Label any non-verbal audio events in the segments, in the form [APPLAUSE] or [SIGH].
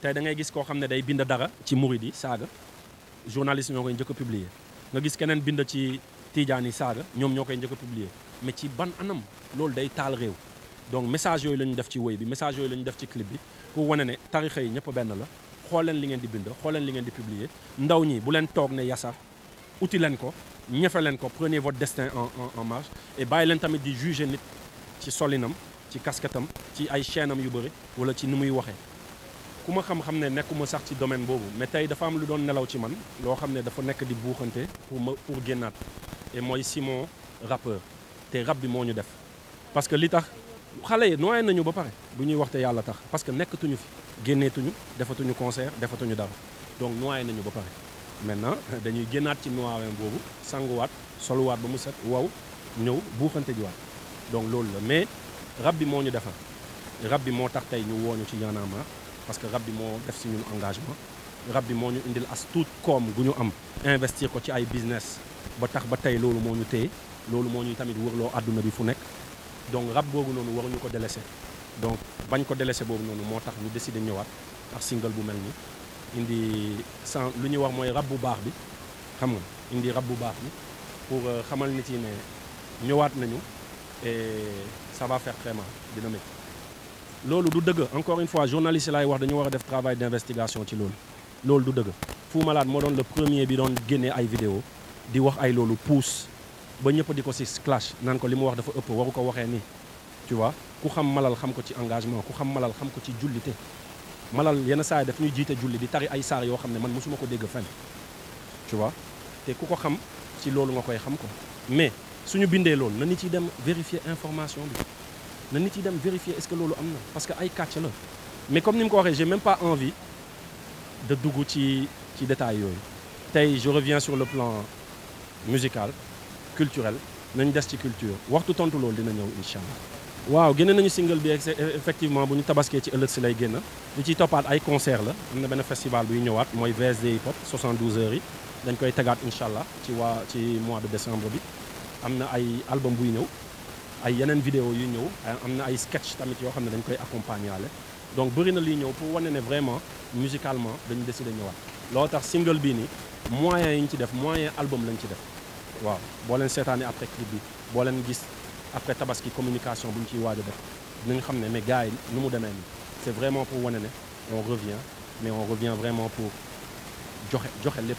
tay da ngay gis ko xam day bind dara ci mouride yi saaga journaliste ñoo koy njëkk publier nga gis kenen bind ci tijaan saga ñom ñoom ñoo koy njëkk publier mais ci ban anam loolu day taal rew donc message yoy la def ci woy bi message yoy la def ci clip bi ku wane ne tarixa yi ñëpp ben la xolen li ngeen di bind xolen li ngeen di publier ndaw ñi bu len tok ne yasar outil leen ko ñefe leen ko prenez votre destin en en en marche et bay leen tamit di juger nit ci solinam ci kasketam ci ay chaînam yu bëri wala ci numuy waxe kuma xam-xam ne nekkuma sax ci domaine boobu mais tey dafa am lu doon nelaw ci man loo xam ne dafa nekk di buuxante pour ma pour génnaat et mooy Simon rappeur te rap bi moo ñu def parce que li tax xale yi nooyee nañu ba pare bu ñuy waxte yàlla tax parce que nekkatuñu fi génneetuñu defatuñu concert defatuñu dara donc nooyee nañu ba pare maintenant [LAUGHS] dañuy génnaat ci noyaaweem boobu sanguwaat soluwaat ba mu set wow ñëw buuxante jiwaat donc loolu la mais rab bi moo ñu defar rab bi moo tax tey ñu wooñu ci yaanaama parce que Rabbi bi def ci ñun engagement Rabbi bi ñu indil as tout comme gu ñu am investir ko ci ay business ba tax ba tay lolu mo ñu téy lolu mo ñu tamit wërloo aduna bi fu nek donc rab boobu noonu waruñu ko délaissé donc bañ ko délaissé bobu nonu moo tax ñu décider ñëwaat ak single bu melni indi sans lu ñuy wax moy rab bu baax bi xam nga indi rab bu baax bi pour euh, xamal nit ci né ñëwaat nañu et ça va faire vraiment dina métti loolu du dëgg encore une fois journaliste laay wax dañu war a def travail d'investigation ci loolu loolu du dëgg Fou Malade moo doon le premier bi doon génnee ay vidéo di wax ay loolu puus ba ñëpp di ko si clash naan ko li mu wax dafa ëpp waru ko waxee tu vois ku xam malal xam ko ci engagement ku xam malal xam ko ci jullite malal yena saa yi daf ñuy jiite julli di tari ay saar yo xam man mosuma ko dégg fenn tu vois té ku ko xam ci loolu nga koy xam ko mais suñu bindé loolu na ni ci dem vérifier information bi na nit yi dem vérifier est-ce que lolo amna parce que ay kàcc la mais comme ni mu ko waxee j'ai même pas envie de dugg ci ci détail yoy tay je reviens sur le plan musical culturel nañ dess ci culture waxtu tontu lolo dina ñew inshallah waaw génne nañu single bi effectivement bu ñu tabaskee ci ëllëg ci lay génn li ci toppaat ay concert la amna na benn festival bu ñëwaat moy VSD hip hop 72 heures yi dañ koy tegaat inshallah ci wa ci mois de décembre bi amna ay album bu ñëw ay yeneen vidéo yu ñëw am na ay sketch tamit yoo xam ne dañ koy accompagner donc bëri na liy ñëw pour wane ne vraiment musicalement dañu décidé ñëwaat loo tax single bii nii moyen yi ñu ci def moyen album lañ ci def waaw boo leen seetaanee après clip bi boo leen gis après tabaski communication bu ñu ciy waaj a def dinañ xam mais gars yi nu mu demee nii c'est vraiment pour wane ne on revient mais on revient vraiment pour joxe joxe lépp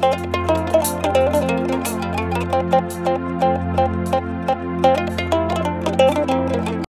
Thank you.